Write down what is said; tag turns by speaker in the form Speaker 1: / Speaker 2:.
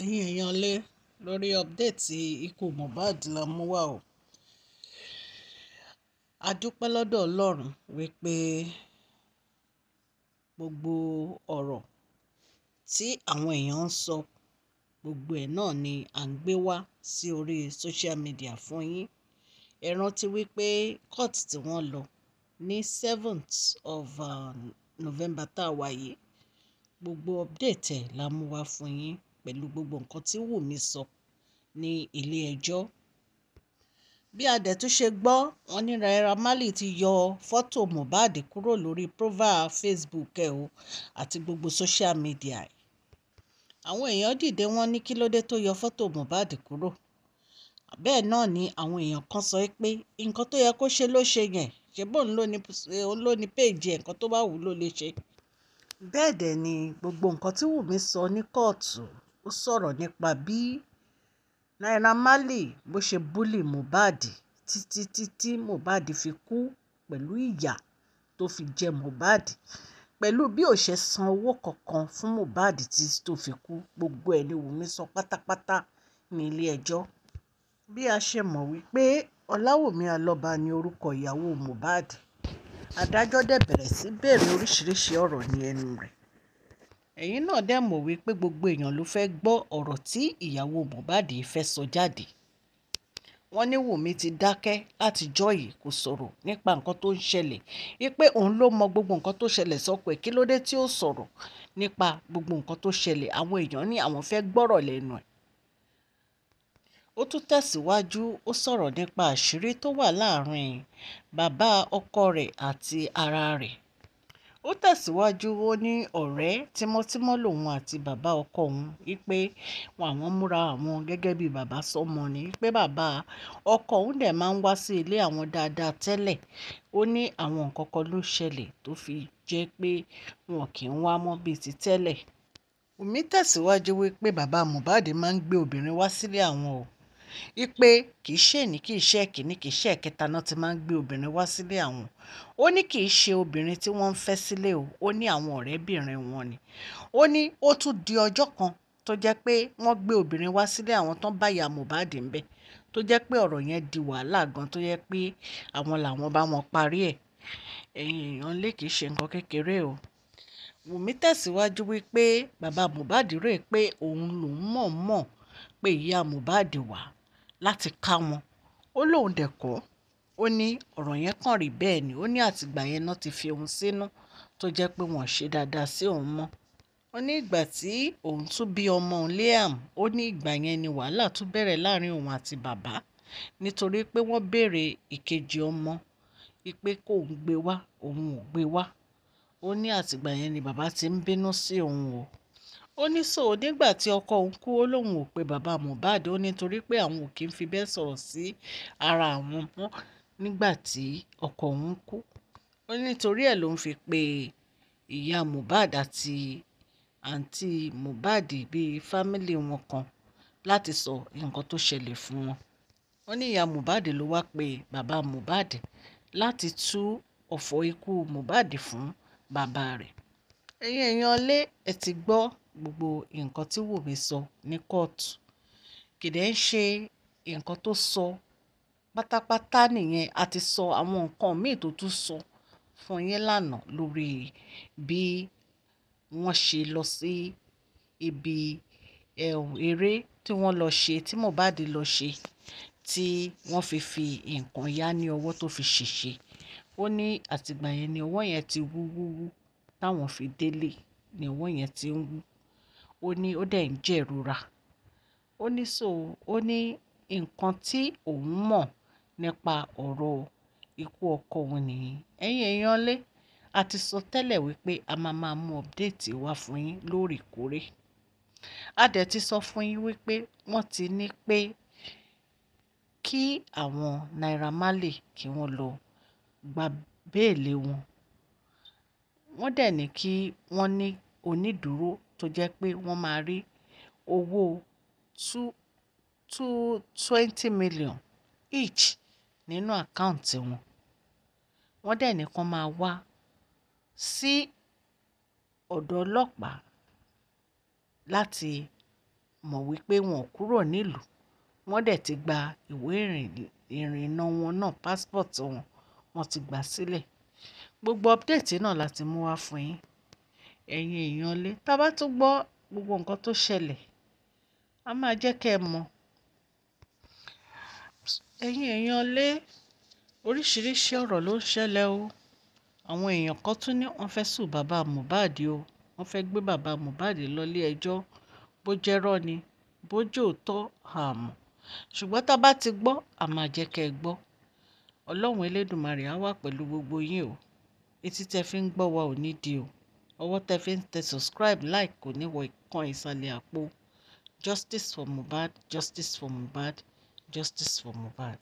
Speaker 1: ẹ̀yin èèyàn lé lórí ọ̀pdẹ́ẹ̀tì ikú Mohbad la mú wá o a dúpẹ́ lọ́dọ̀ Ọlọ́run wípé gbogbo ọ̀rọ̀ tí àwọn èèyàn ń sọ gbogbo ẹ̀ náà ni à ń gbé wá sí orí social media fún yín ẹ rántí wípé court tí wọ́n lọ ní seventh of uh, November tá a wà gbogbo update ẹ̀ la mú wá fún yín pẹ̀lú gbogbo nǹkan tí Wùmí sọ ní ilé ẹjọ́ bí adẹ̀ tún ṣe gbọ́ wọn ní Naira Marley ti yọ fọ́tò Mohbad kúrò lórí profile Facebook ẹ̀ o àti gbogbo social media ẹ̀ àwọn èèyàn dìde wọn ní kí ló dé tó yọ fọ́tò Mohbad kúrò bẹ́ẹ̀ náà ni àwọn èèyàn kan sọ pé nǹkan tó yẹ kó ṣe ló ṣe yẹn ṣe bóun ló ní péèjì ẹ̀ nǹkan tó bá wù ú ló lè ṣe bẹ́ẹ̀ dẹ̀ ni gbogbo nǹkan tí Wùmí sọ ní kóòtù ó sọ̀rọ̀ nípa bí naira marley bó ṣe búlì mohbad títí títí mohbad fi kú pẹ̀lú ìyà tó fi jẹ mohbad pẹ̀lú bí ó ṣe san owó kankan fún mohbad títí tó fi kú gbogbo ẹ̀ ni Wùmí sọ pátápátá ní ilé-ẹjọ́ bí a ṣe mọ̀ wípé Ọláwùmí Alọ́ba ni orúkọ ìyàwó mohbad adájọ́ dẹ̀ bẹ̀rẹ̀ sí béèrè oríṣiríṣi ọ̀rọ̀ ní ẹnu rẹ̀ ẹ̀yin náà dẹ̀ mọ̀ wípé gbogbo èèyàn ló fẹ́ gbọ́ ọ̀rọ̀ tí ìyàwó Mohbad fẹ́ sọ jáde wọ́n ní Wùmí ti dákẹ́ látijọ́ yìí kò sọ̀rọ̀ nípa nǹkan tó ń ṣẹlẹ̀ wípé òun ló mọ gbogbo nǹkan tó ṣẹlẹ̀ sọ́kọ ẹ̀ kí ló dé tí ó sọ̀rọ̀ nípa gbogbo nǹkan tó ṣẹlẹ̀ àwọn èèyàn ní àwọn fẹ́ gbọ́rọ̀ lẹ́nu ẹ̀ ó tún tẹ̀síwájú ó sọ̀rọ̀ nípa àṣírí tó wà láàrin bàbá ọkọ rẹ̀ àti ara rẹ̀ ó tẹ̀síwájú ó ní ọ̀rẹ́ tímọ́tímọ́ lòun àti bàbá ọkọ òun wípé àwọn múra àwọn gẹ́gẹ́ bí bàbá sọmọ ni pé bàbá ọkọ òun dẹ̀ máa ń wá sí ilé àwọn dáadáa tẹ́lẹ̀ ó ní àwọn nǹkan kan ló ṣẹlẹ̀ tó fi jẹ́ pé wọn kì í wá mọ́ bíi ti tẹ́lẹ̀ Wùmí tẹ̀síwájú wípé bàbá Mohbad máa ń gbé obìnrin wá sílé àwọn o ipe kì í ṣe ní kì í ṣe ẹ̀kíní kì í ṣe ẹ̀kẹta náà ti máa ń gbé obìnrin wá sílé àwọn ó ní kì í ṣe obìnrin tí wọ́n ń fẹ́ sílé o ó ní àwọn ọ̀rẹ́bìnrin wọn ni ó ní ó tún di ọjọ́ kan tó jẹ́ pé wọ́n gbé obìnrin wá sílé àwọn tán bá ìyá Mohbad ń bẹ tó jẹ́ pé ọ̀rọ̀ yẹn di wàhálà gan tó jẹ́ pé àwọn làwọn bá wọn parí ẹ̀ èèyàn lè kìí ṣe nǹkan kékeré o Wùmí tẹ̀síwájú wípé bàbá Mohbad rè pé òun lòún mọ̀ọ́mọ̀ pé ìyá Mohbad wà láti ká wọn ó lóun dẹ̀ kọ́ ó ní ọ̀rọ̀ yẹn kàn rí bẹ́ẹ̀ ni ó ní àtìgbà yẹn náà ti fi òun sínú tó jẹ́ pé wọ́n ṣe dáadáa sí òun mọ́ ó ní ìgbà tí òun tún bí ọmọ òun Liam ó ní ìgbà yẹn ni wàhálà tún bẹ̀rẹ̀ láàrin òun àti bàbá nítorí pé wọ́n béèrè ìkejì ọmọ ipe kò ń gbé wá òun ò gbé wá ó ní àtìgbà yẹn ni bàbá ti ń bínú sí òun o ó ní so nígbà tí ọkọ òun kú ó lóun ò pe bàbá Mohbad ó nítorí pé àwọn ò kí ń fi bẹ́ẹ̀ sọ̀rọ̀ sí ara àwọn mọ́ nígbà tí ọkọ òun kú ó nítorí ẹ̀ ló ń fi pe ìyá Mohbad àti àǹtí Mohbad bíi fámìlì wọn kan láti sọ nǹkan tó ṣẹlẹ̀ fún wọn wọ́n ní ìyá Mohbad ló wá pe bàbá Mohbad láti tú ọ̀fọ̀ ikú Mohbad fún bàbá rẹ̀ ẹ̀yin èèyàn lé ẹ̀ ti gbọ́ gbogbo nǹkan tí Wùmí sọ ní kóòtù kì dẹ̀ ń ṣe nǹkan tó sọ pátápátá nìyẹn a ti sọ àwọn nǹkan míì tó tún sọ fún yín lánàá lórí bí wọ́n ṣe lọ sí ibi eh, eré tí wọ́n lọ ṣe tí Mohbad lọ ṣe tí wọ́n fi fi nǹkan yá ní ọwọ́ tó fi ṣèṣe ó ní àtìgbà yẹn ni ọwọ́ yẹn ti wú wú wú táwọn fi délé ni ọwọ́ yẹn ti ń wú ó ní ó dẹ̀ ń jẹ̀rora ó ní so ó ní nǹkan tí òun mọ̀ nípa ọ̀rọ̀ ikú ọkọ òun nìyí ẹ̀yin èèyàn lé a ti sọ tẹ́lẹ̀ wípé a máa máa mú update wá fún yín lóòrèkóòrè a dẹ̀ ti sọ fún yín wípé wọ́n ti ní pé kí àwọn Naira Marley kí wọ́n lọ gba béèlì wọn wọ́n dẹ̀ ní kí wọ́n ní onídùúró tó jẹ́ pé wọ́n máa rí owó two two twenty million each nínú àkáǹtì wọn wọ́n dẹ̀ nìkan máa wá sí ọ̀dọ̀ ọlọ́pàá láti mọ̀ wípé wọn ò kúrò nílùú wọ́n dẹ̀ ti gba ìwé ìrìnnà wọn náà passport wọn wọ́n ti gbà sílẹ̀ gbogbo update náà la mú wá fún yín ẹ̀yin èèyàn lé tá a bá tún gbọ́ gbogbo nǹkan tó ṣẹlẹ̀ a máa jẹ́ kẹ́ ẹ mọ̀ ẹ̀yin èèyàn lé oríṣiríṣi ọ̀rọ̀ ló ń ṣẹlẹ̀ o àwọn èèyàn kan tún ní wọ́n fẹ́ sùn bàbá Mohbad o wọ́n fẹ́ gbé bàbá Mohbad lọlé ẹjọ́ bó jẹ́ rọ́ ni bó jẹ́ òótọ́ àmọ́ ṣùgbọ́n tá a bá ti gbọ́ a máa jẹ́ kẹ́ ẹ gbọ́ ọlọ́run elédùnmarè á wà pẹ̀lú gbogbo yín o etí tẹ́ fi ń gbọ́ wa ò ní di o owó tẹ fi ń tẹ subscribe like kò ní wọ ìkan ìsàlẹ̀ àpò justice for mohbad justice for mohbad justice for mohbad.